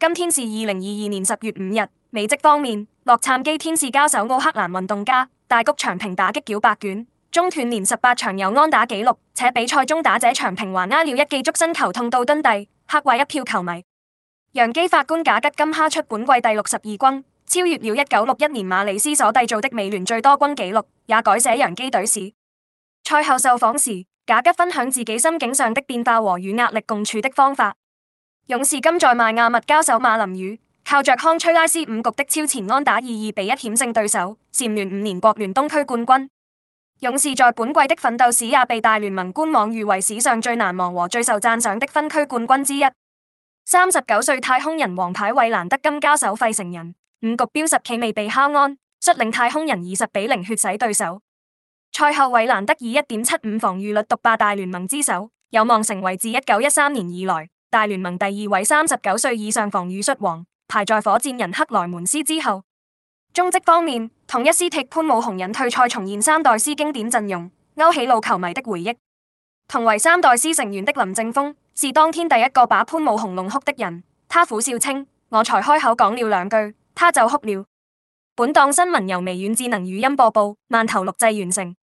今天是二零二二年十月五日。美職方面，洛杉磯天使交手奧克蘭運動家，大谷翔平打擊繳白卷，中斷連十八場有安打紀錄，且比賽中打者翔平還呃了一記觸身球，痛到蹲地嚇壞一票球迷。洋基法官賈吉今敲出本季第六十二轟，超越了一九六一年馬里斯所締造的美聯最多轟紀錄，也改寫洋基隊史。賽後受訪時，賈吉分享自己心境上的變化和與壓力共處的方法。勇士今在邁阿密交手馬林魚，靠着康崔拉斯五局的超前安打，二二比一險勝對手。蟬聯五年國聯東區冠軍。勇士在本季的奮鬥史也被大聯盟官網譽為史上最難忘和最受讚賞的分區冠軍之一。三十九歲太空人王牌衛蘭德今交手費城人，五局標十起未被敲安，率領太空人二十比零血洗對手。賽後衛蘭德以一點七五防禦率獨霸大聯盟之首，有望成為自一九一三年以來，大聯盟第二位三十九歲以上防禦率王，排在火箭人克萊門斯之後。中職方面，同一師踢潘武雄引退賽重現三代師經典陣容，勾起老球迷的回憶。同為三代師成員的林正峰是當天第一個把潘武雄弄哭的人，他苦笑稱：我才開口講了兩句，他就哭了。本檔新聞由微軟智能語音播報，慢頭錄製完成。